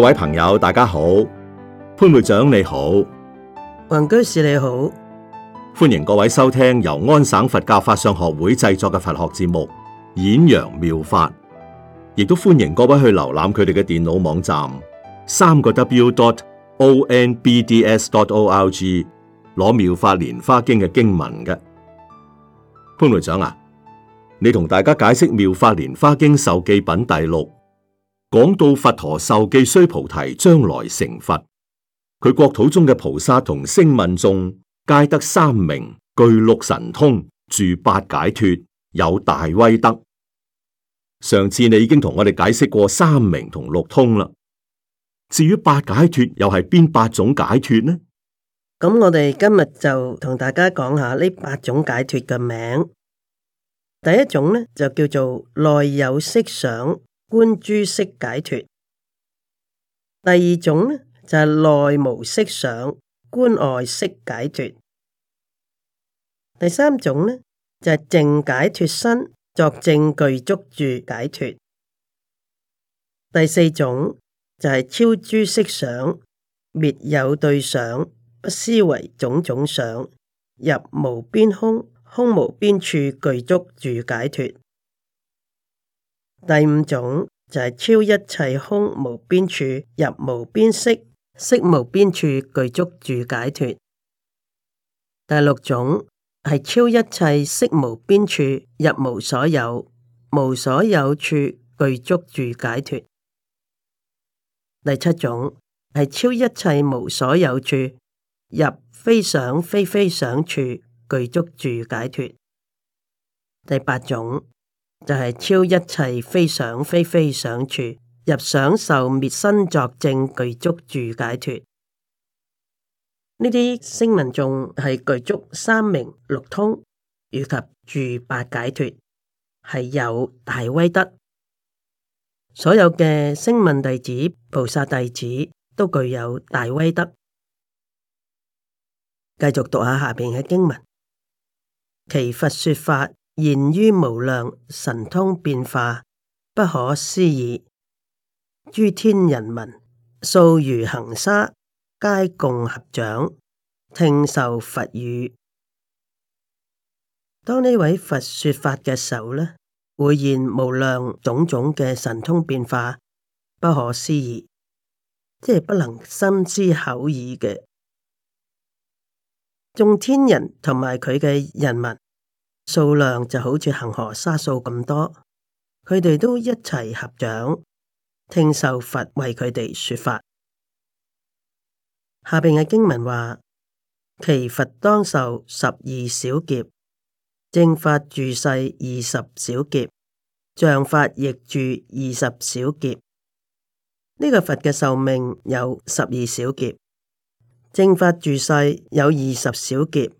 各位朋友，大家好，潘會長你好，王居士你好，歡迎各位收聽由安省佛教法相學會製作嘅佛學節目《演陽妙法》，亦都歡迎各位去瀏覽佢哋嘅電腦網站三個 W dot O N B D S dot O L G 攞妙法蓮花經嘅經文嘅潘會長啊，你同大家解釋妙法蓮花經授記品第六。講到佛陀授記，須菩提將來成佛，佢國土中嘅菩薩同聲聞眾皆得三明具六神通，住八解脫，有大威德。上次你已經同我哋解釋過三明同六通啦。至於八解脫，又係邊八種解脫呢？咁我哋今日就同大家講下呢八種解脫嘅名。第一種呢，就叫做內有色想，觀諸色解脱，第二種呢就係、是、內無色想，觀外色解脱；第三種呢就係、是、淨解脱身作證，具足住解脱；第四種就係、是、超諸色想，滅有對想，不思惟種種想，入無邊空，空無邊處，具足住解脱。第五種就係超一切空無邊處，入無邊識，識無邊處，具足住解脫。第六種係超一切識無邊處，入無所有，無所有處，具足住解脫。第七種係超一切無所有處，入非想非非想處，具足住解脫。第八種。就係超一切非想非非想處入想受滅身作證具足住解脱，呢啲聲聞眾係具足三明六通以及住八解脱，係有大威德。所有嘅聲聞弟子、菩薩弟子都具有大威德。繼續讀下下邊嘅經文，其佛說法。現於無量神通變化，不可思議。諸天人民，數如恆沙，皆共合掌聽受佛語。當呢位佛說法嘅手呢，會現無量種種嘅神通變化，不可思議，即係不能心知口耳嘅眾天人同埋佢嘅人民。數量就好似恆河沙數咁多，佢哋都一齊合掌聽受佛為佢哋說法。下邊嘅經文話：其佛當壽十二小劫，正法住世二十小劫，像法亦住二十小劫。呢個佛嘅壽命有十二小劫，正法住世有二十小劫，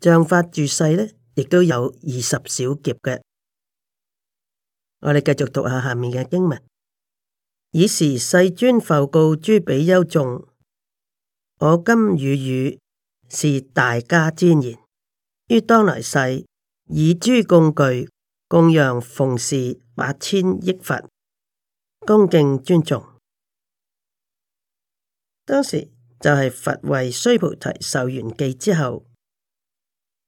像法住世呢？亦都有二十小劫嘅，我哋繼續讀下下面嘅經文。以是世尊佛告諸比丘眾：我今語汝是大家之言，於當來世以諸供具供養奉事八千億佛，恭敬尊重。當時就係佛為須菩提受完記之後。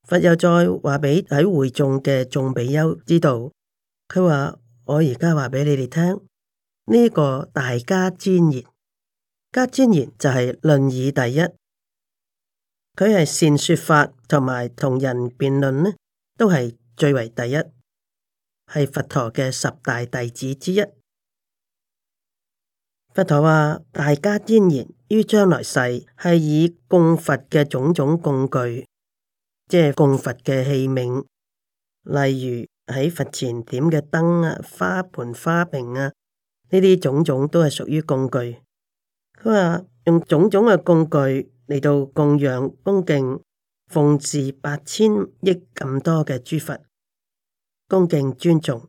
佛又再話畀喺會眾嘅眾比丘知道，佢話我而家話畀你哋聽，呢、這個大迦旃延，迦旃延就係論議第一，佢係善說法同埋同人辯論呢，都係最為第一，係佛陀嘅十大弟子之一。佛陀話大迦旃延於將來世係以供佛嘅種種供具，即係供佛嘅器皿，例如喺佛前點嘅燈啊、花盆、花瓶啊，呢啲種種都係屬於工具。佢話用種種嘅工具嚟到供養恭敬奉侍八千億咁多嘅諸佛，恭敬尊重。呢、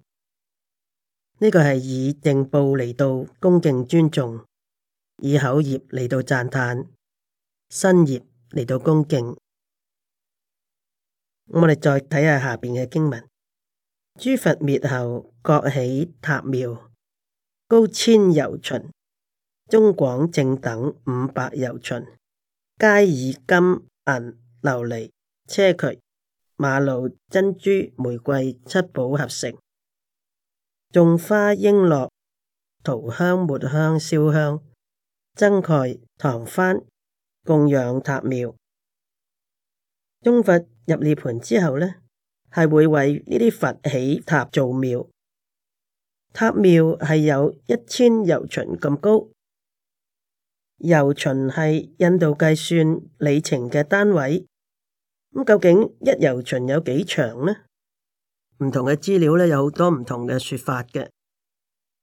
呢個係以正報嚟到恭敬尊重，以口業嚟到讚嘆，身業嚟到恭敬。我哋再睇下下邊嘅經文：諸佛滅後，各起塔廟，高千由旬，中廣正等五百由旬，皆以金銀琉璃車渠馬路珍珠,珍珠玫瑰七寶合成，種花瓔珞，桃香、末香、燒香，增蓋唐幡，供養塔廟，中佛。入涅盤之後呢，係會為呢啲佛起塔造廟，塔廟係有一千由旬咁高。由旬係印度計算里程嘅單位。咁、嗯、究竟一由旬有幾長呢？唔同嘅資料咧有好多唔同嘅說法嘅。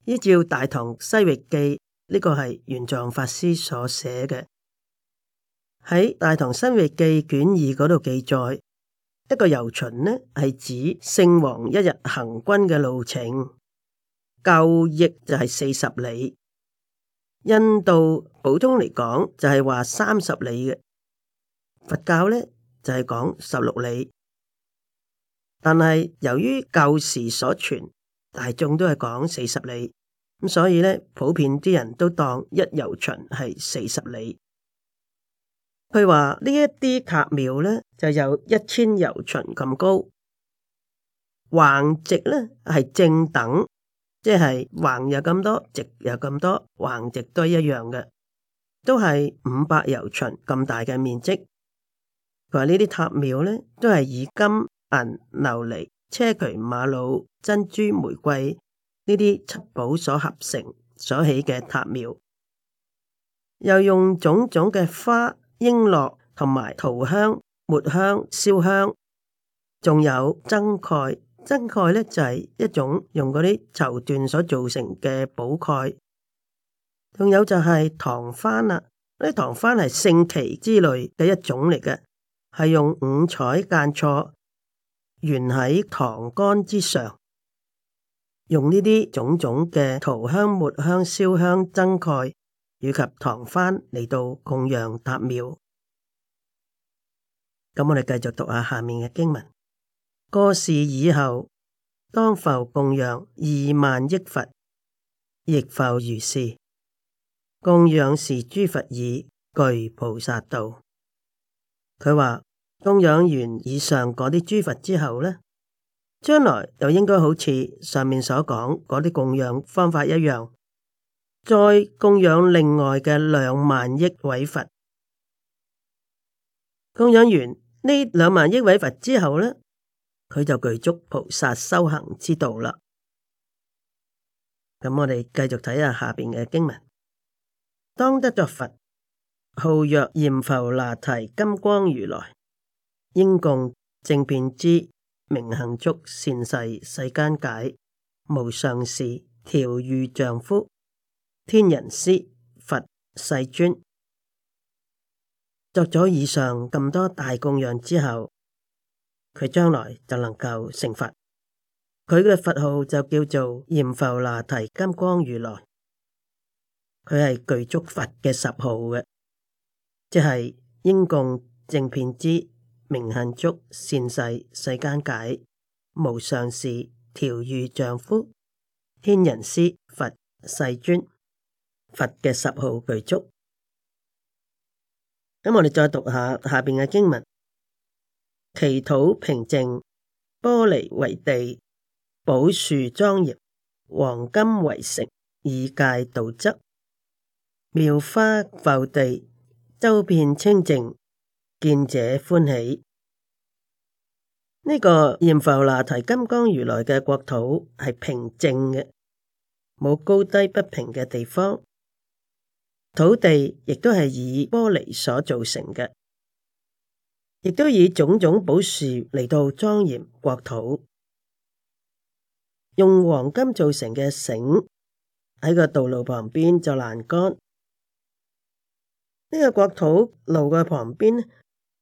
依照《大唐西域記》呢、這個係玄奘法師所寫嘅，喺《大唐西域記》卷二嗰度記載。一個游巡呢，係指聖王一日行軍嘅路程。舊譯就係四十里，印度普通嚟講就係話三十里嘅，佛教呢，就係講十六里。但係由於舊時所傳，大眾都係講四十里，咁所以呢，普遍啲人都當一游巡係四十里。佢話呢一啲塔廟咧，就有一千由旬咁高，橫直咧係正等，即係橫有咁多，直有咁多，橫直都一樣嘅，都係五百由旬咁大嘅面積。佢話呢啲塔廟咧，都係以金銀琉璃、硨磲瑪瑙、珍珠玫瑰呢啲七寶所合成所起嘅塔廟，又用種種嘅花瓔珞同埋塗香、末香、燒香，仲有繒蓋。繒蓋呢就係一種用嗰啲綢緞所造成嘅寶蓋，仲有就係幢幡啦。呢幢幡係旌旗之類嘅一種嚟嘅，係用五彩間錯懸喺幢竿之上，用呢啲種種嘅塗香、末香、燒香、繒蓋。以及幢幡嚟到供養塔廟，咁我哋繼續讀下下面嘅經文。過是已後當復供養二萬億佛，亦復如是，供養是諸佛已具菩薩道。佢話供養完以上嗰啲諸佛之後呢，將來又應該好似上面所講嗰啲供養方法一樣。再供養另外嘅兩萬億位佛，供養完呢兩萬億位佛之後呢，佢就具足菩薩修行之道啦。咁我哋繼續睇下下邊嘅經文：當得作佛，號曰閻浮那提金光如來，應供正遍知，明行足，善逝世間解，無上士，調御丈夫。天人師佛世尊作咗以上咁多大供養之後，佢將來就能夠成佛。佢嘅佛號就叫做閻浮那提金光如來。佢係具足佛嘅十號嘅，即係應供正遍知、明行足、善逝、世間解、無上士、調御丈夫、天人師、佛、世尊。佛嘅十號具足，咁我哋再讀下下邊嘅經文：其土平正，琉璃為地，寶樹莊嚴，黃金為繩，以界道側，妙花覆地，周遍清淨，見者歡喜。呢、這個閻浮那提金剛如來嘅國土係平靜嘅，冇高低不平嘅地方。土地亦都係以玻璃所造成嘅，亦都以種種寶樹嚟到莊嚴國土，用黃金做成嘅繩喺個道路旁邊做欄杆。呢、這個國土路嘅旁邊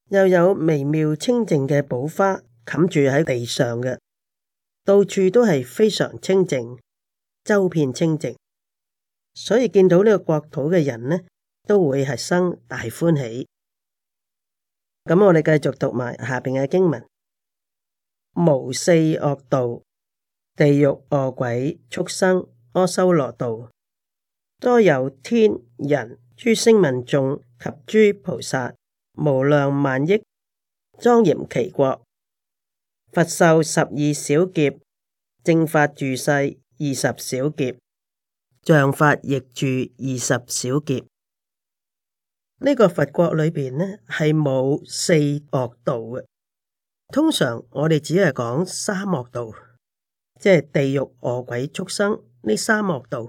又有微妙清淨嘅寶花冚住喺地上嘅，到處都係非常清淨，周遍清淨。所以見到呢個國土嘅人呢，都會係生大歡喜。咁我哋繼續讀埋下邊嘅經文：無四惡道、地獄餓鬼畜生、阿修羅道，多有天人諸聲聞眾及諸菩薩無量萬億莊嚴其國。佛壽十二小劫，正法住世二十小劫。像法譯住二十小劫呢，這個佛國裏邊呢係冇四惡道嘅。通常我哋只係講三惡道，即係地獄、餓鬼、畜生呢三惡道。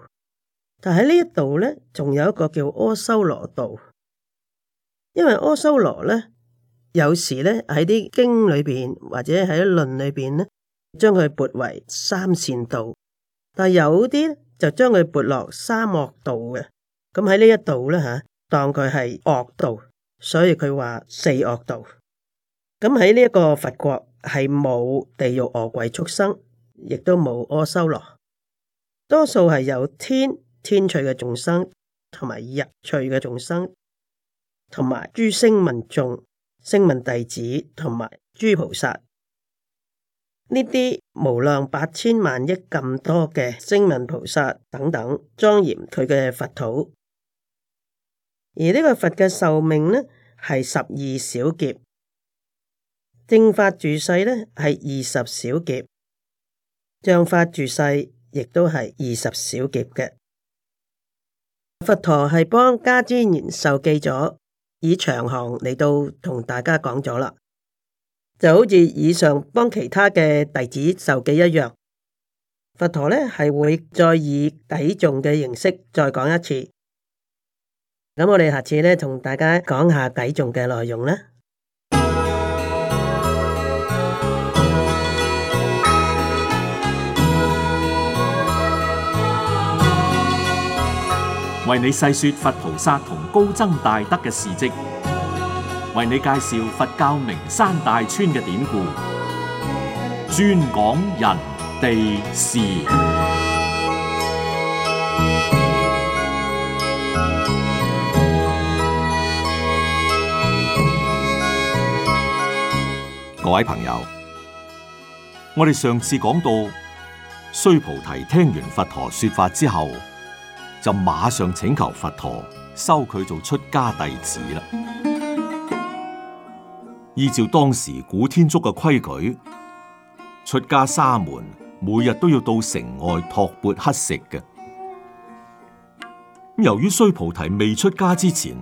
但喺呢一度呢，仲有一個叫阿修羅道，因為阿修羅呢，有時呢喺啲經裏邊或者喺啲論裏邊呢，將佢撥為三善道，但係有啲。就將佢撥落三惡道嘅，咁喺呢一度咧吓，當佢係惡道，所以佢話四惡道。咁喺呢一個佛國係冇地獄、餓鬼、畜生，亦都冇阿修羅，多數係有天天趣嘅眾生，同埋人趣嘅眾生，同埋諸聲聞眾、聲聞弟子，同埋諸菩薩。呢啲無量八千萬億咁多嘅聲聞菩薩等等，莊嚴佢嘅佛土。而呢個佛嘅壽命呢，係十二小劫；正法住世呢，係二十小劫；像法住世亦都係二十小劫嘅。佛陀係幫迦旃延授記咗，以長行嚟到同大家講咗喇。就好似以上幫其他嘅弟子授記一樣，佛陀呢係會再以偈頌嘅形式再講一次。咁我哋下次呢，同大家講下偈頌嘅內容啦。為你細說佛菩薩同高僧大德嘅事迹。為你介紹佛教名山大川嘅典故，專講人地事。各位朋友，我哋上次講到，須菩提聽完佛陀說法之後，就馬上請求佛陀收佢做出家弟子啦。依照當時古天竺嘅規矩，出家沙門每日都要到城外托缽乞食嘅。由於須菩提未出家之前，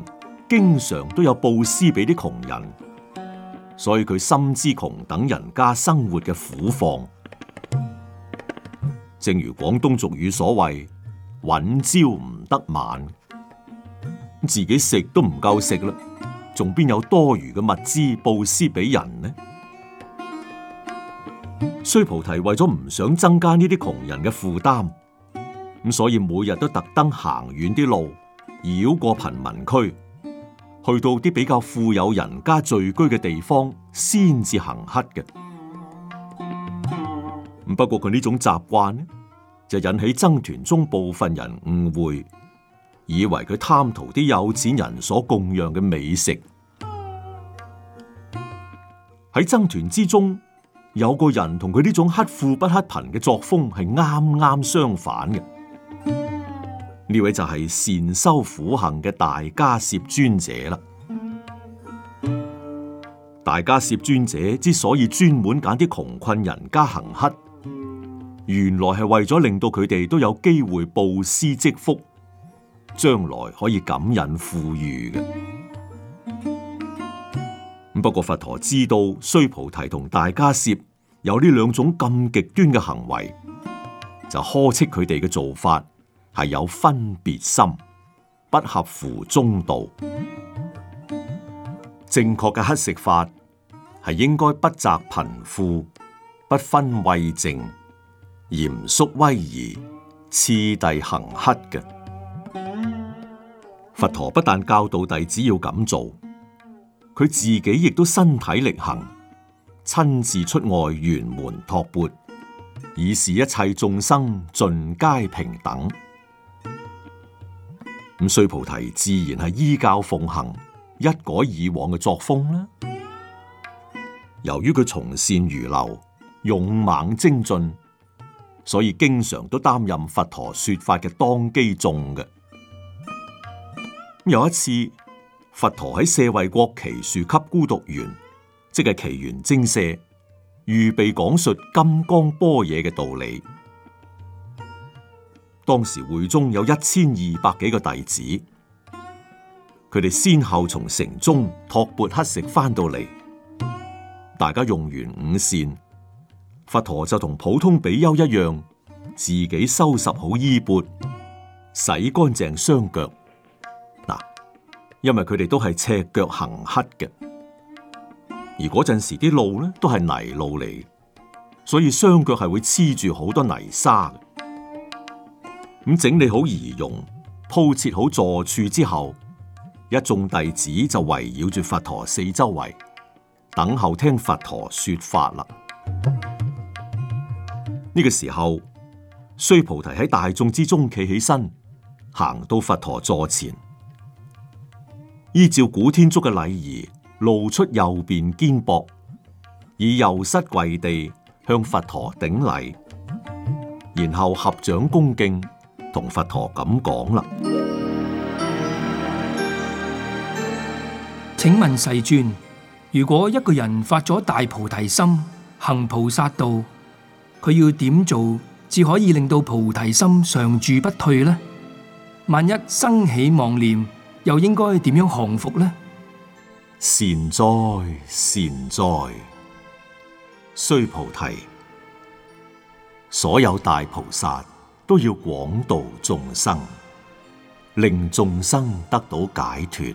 經常都有布施俾啲窮人，所以佢深知窮等人家生活嘅苦況。正如廣東俗語所謂：揾朝唔得晚，自己食都唔夠食啦。仲邊有多餘嘅物資布施俾人呢？須菩提為咗唔想增加呢啲窮人嘅負擔，咁所以每日都特登行遠啲路，繞過貧民區，去到啲比較富有人家聚居嘅地方先至行乞嘅。咁不過佢呢種習慣呢，就引起僧團中部分人誤會，以為佢貪圖啲有錢人所供養嘅美食。喺僧團之中，有個人同佢呢種乞富不乞貧嘅作風係啱啱相反嘅。呢位就係善修苦行嘅大迦葉尊者啦。大迦葉尊者之所以專門揀啲窮困人家行乞，原來係為咗令到佢哋都有機會布施積福，將來可以感應富裕嘅。不過佛陀知道須菩提同大迦葉有呢兩種咁極端嘅行為，就呵斥佢哋嘅做法係有分別心，不合乎中道。正確嘅乞食法係應該不擇貧富，不分貴賤，嚴肅威儀，次第行乞嘅。佛陀不但教導弟子要咁做。佢自己亦都身體力行，親自出外沿門托缽，以示一切眾生盡皆平等。咁須菩提自然係依教奉行，一改以往嘅作風啦。由於佢從善如流、勇猛精進，所以經常都擔任佛陀說法嘅當機眾嘅。有一次。佛陀喺舍衛國祇樹給孤獨園，即係祇園精舍，預備講述金剛般若嘅道理。當時會中有一千二百幾個弟子，佢哋先後從城中托缽乞食翻到嚟。大家用完午膳，佛陀就同普通比丘一樣，自己收拾好衣缽，洗乾淨雙腳。因為佢哋都係赤腳行乞嘅，而嗰陣時啲路呢都係泥路嚟，所以雙腳係會黐住好多泥沙。咁、嗯、整理好儀容，鋪設好座處之後，一眾弟子就圍繞住佛陀四周圍，等候聽佛陀說法啦。呢、這個時候，須菩提喺大眾之中企起身，行到佛陀座前。依照古天竺嘅禮儀，露出右邊肩膊，以右膝跪地向佛陀頂禮，然後合掌恭敬同佛陀咁講啦。請問世尊，如果一個人發咗大菩提心，行菩薩道，佢要點做，至可以令到菩提心常住不退呢？萬一生起妄念，又應該點樣降伏呢？善哉善哉，須菩提，所有大菩薩都要廣度眾生，令眾生得到解脱，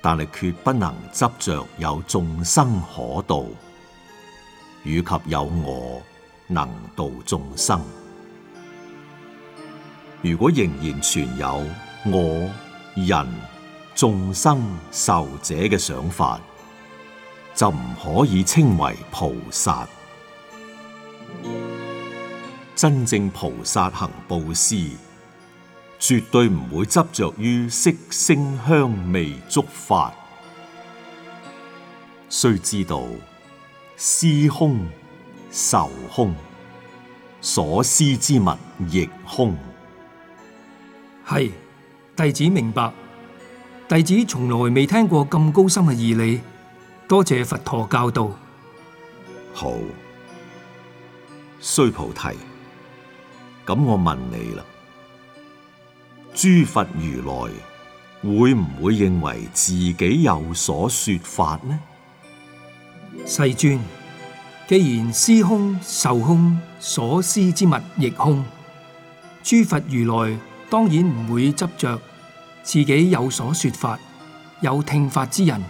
但係決不能執着有眾生可度，以及有我能度眾生。如果仍然存有，我人眾生壽者嘅想法，就唔可以稱為菩薩。真正菩薩行布施，絕對唔會執着於色聲香味觸法。須知道，施空、受空，所施之物亦空，係。弟子明白，弟子從來未聽過咁高深嘅義理，多謝佛陀教導。好，須菩提，咁我問你啦，諸佛如來會唔會認為自己有所說法呢？世尊，既然思空、受空、所思之物亦空，諸佛如來，當然唔會執着自己有所說法、有聽法之人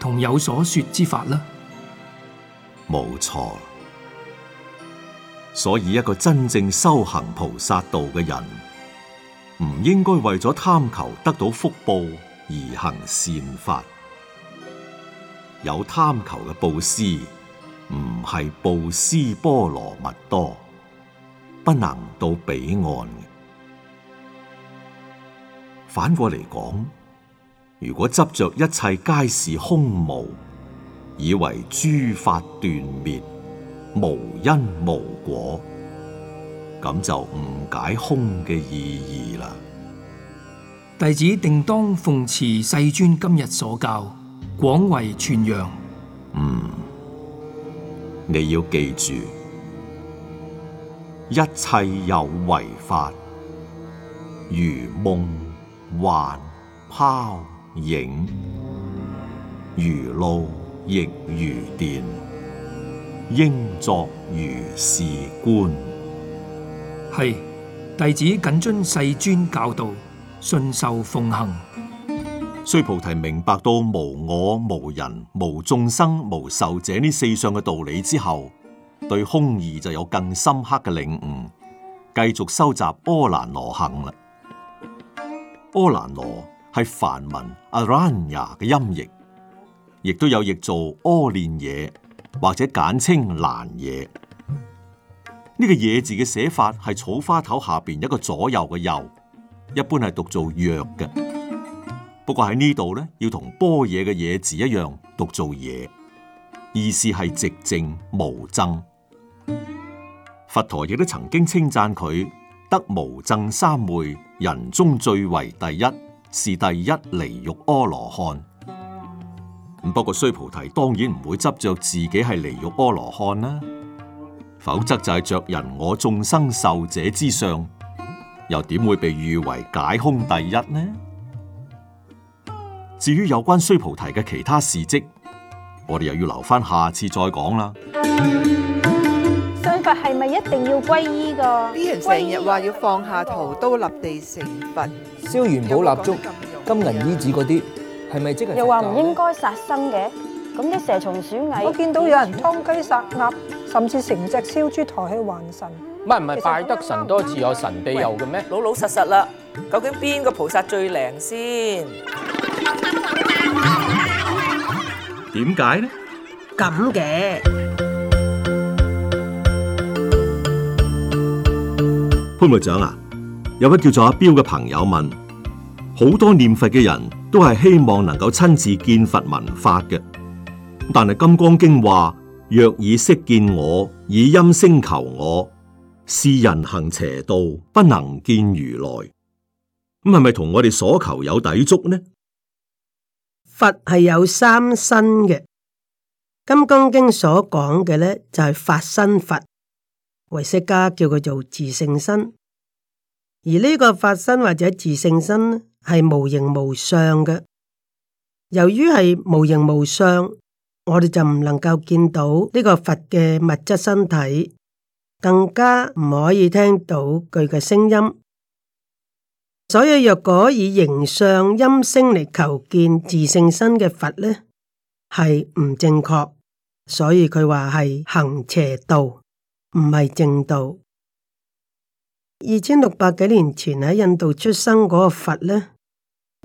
同有所說之法啦。冇錯，所以一個真正修行菩薩道嘅人，唔應該為咗貪求得到福報而行善法。有貪求嘅布施，唔係布施波羅蜜多，不能到彼岸嘅。反過嚟講，如果執着一切皆是空無，以為諸法斷滅，無因無果，咁就唔解空嘅意義啦。弟子定當奉持世尊今日所教，廣為傳揚。嗯，你要記住，一切有為法，如夢。幻泡影，如露亦如電，應作如是觀。係，弟子謹遵世尊教導，信受奉行。須菩提明白到無我、無人、無眾生、無受者呢四相嘅道理之後，對空義就有更深刻嘅領悟，繼續修習波羅羅行啦。阿蘭若係梵文阿蘭牙嘅音譯，亦都有譯做阿練若或者簡稱蘭若。呢、這個若字嘅寫法係草花頭下邊一個左右嘅右，一般係讀做藥嘅。不過喺呢度咧，要同般若嘅若字一樣讀做野，意思係寂靜無爭。佛陀亦都曾經稱讚佢，得無諍三昧，人中最為第一，是第一離欲阿羅漢。不過須菩提當然唔會執着自己係離欲阿羅漢啦，否則就係着人我眾生受者之相，又點會被譽為解空第一呢？至於有關須菩提嘅其他事蹟，我哋又要留翻下，下次再講啦。佛係咪一定要皈依個？啲人成日話要放下屠刀立地成佛，燒元寶、蠟燭、金銀衣紙嗰啲，係咪即係？又話唔應該殺生嘅，咁啲蛇蟲鼠蟻，我見到有人劏雞殺鴨，甚至成隻燒豬抬去還神。唔係唔係，拜得神多自有神庇佑嘅咩？老老實實啦，究竟邊個菩薩最靈先？點解呢？咁嘅。秘書長啊，有位叫做阿彪嘅朋友問：好多念佛嘅人都係希望能夠親自見佛聞法嘅，但係《金剛經》話：若以色見我，以音聲求我，是人行邪道，不能見如來。咁係咪同我哋所求有抵觸呢？佛係有三身嘅，《金剛經》所講嘅咧就係法身佛。唯識家叫佢做自性身，而呢個法身或者自性身呢，係無形無相嘅。由於係無形無相，我哋就唔能夠見到呢個佛嘅物質身體，更加唔可以聽到佢嘅聲音。所以若果以形相音聲嚟求見自性身嘅佛呢，係唔正確。所以佢話係行邪道。唔係正道。二千六百幾年前喺印度出生嗰個佛呢，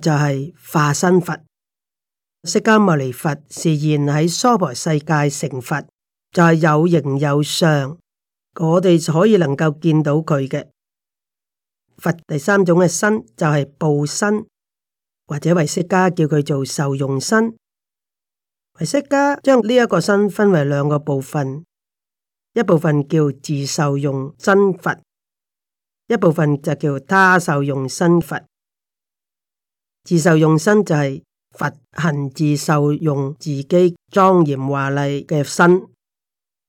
就係、是、化身佛釋迦牟尼佛，示現喺娑婆世界成佛，就係、是、有形有相，我哋可以能夠見到佢嘅佛。第三種嘅身就係報身，或者為釋迦叫佢做受用身。為釋迦將呢一個身分為兩個部分。一部分叫自受用身佛，一部分就叫他受用身佛。自受用身就係佛行自受用自己莊嚴華麗嘅身，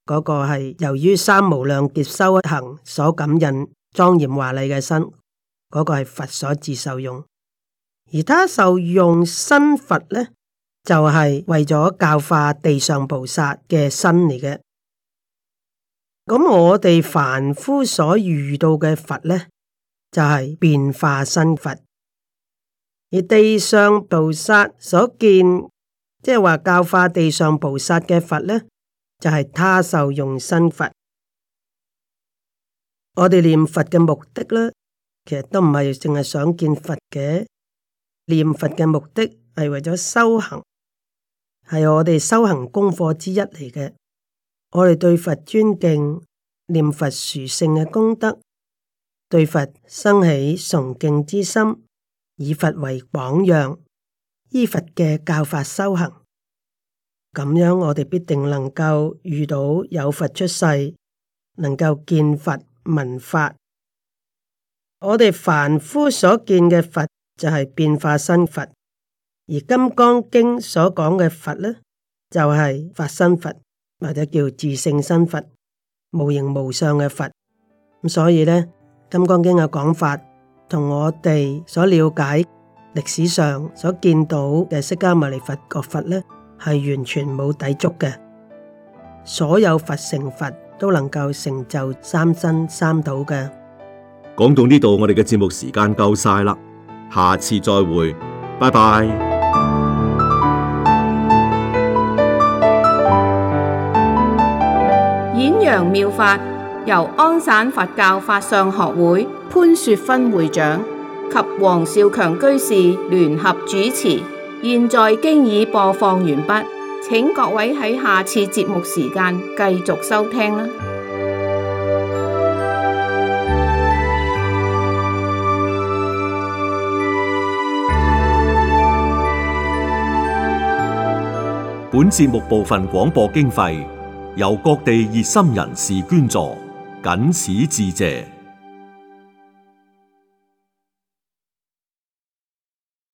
嗰、那個係由於三無量劫修行所感印莊嚴華麗嘅身，嗰、那個係佛所自受用。而他受用身佛咧，就係、是、為咗教化地上菩薩嘅身嚟嘅。咁我哋凡夫所遇到嘅佛呢，就係變化身佛；而地上菩薩所見，即係話教化地上菩薩嘅佛呢，就係他受用身佛。我哋念佛嘅目的呢，其實都唔係淨係想見佛嘅，念佛嘅目的係為咗修行，係我哋修行功課之一嚟嘅。我哋對佛尊敬，念佛殊勝嘅功德，對佛生起崇敬之心，以佛為榜樣，依佛嘅教法修行，咁樣我哋必定能夠遇到有佛出世，能夠見佛聞法。我哋凡夫所見嘅佛就係變化身佛，而《金剛經》所講嘅佛呢，就係法身佛。或者叫自性身佛，無形無相嘅佛。咁所以呢，《金剛經》嘅講法同我哋所了解歷史上所見到嘅釋迦牟尼佛個佛呢，係完全冇抵觸嘅。所有佛成佛都能夠成就三身三土嘅。講到呢度，我哋嘅節目時間夠晒啦，下次再會，拜拜。妙法由安省佛教法相學會潘雪芬會長及黃少強居士聯合主持，現在經已播放完畢，請各位喺下次節目時間繼續收聽啦。本節目部分廣播經費。由各地熱心人士捐助，謹此致謝。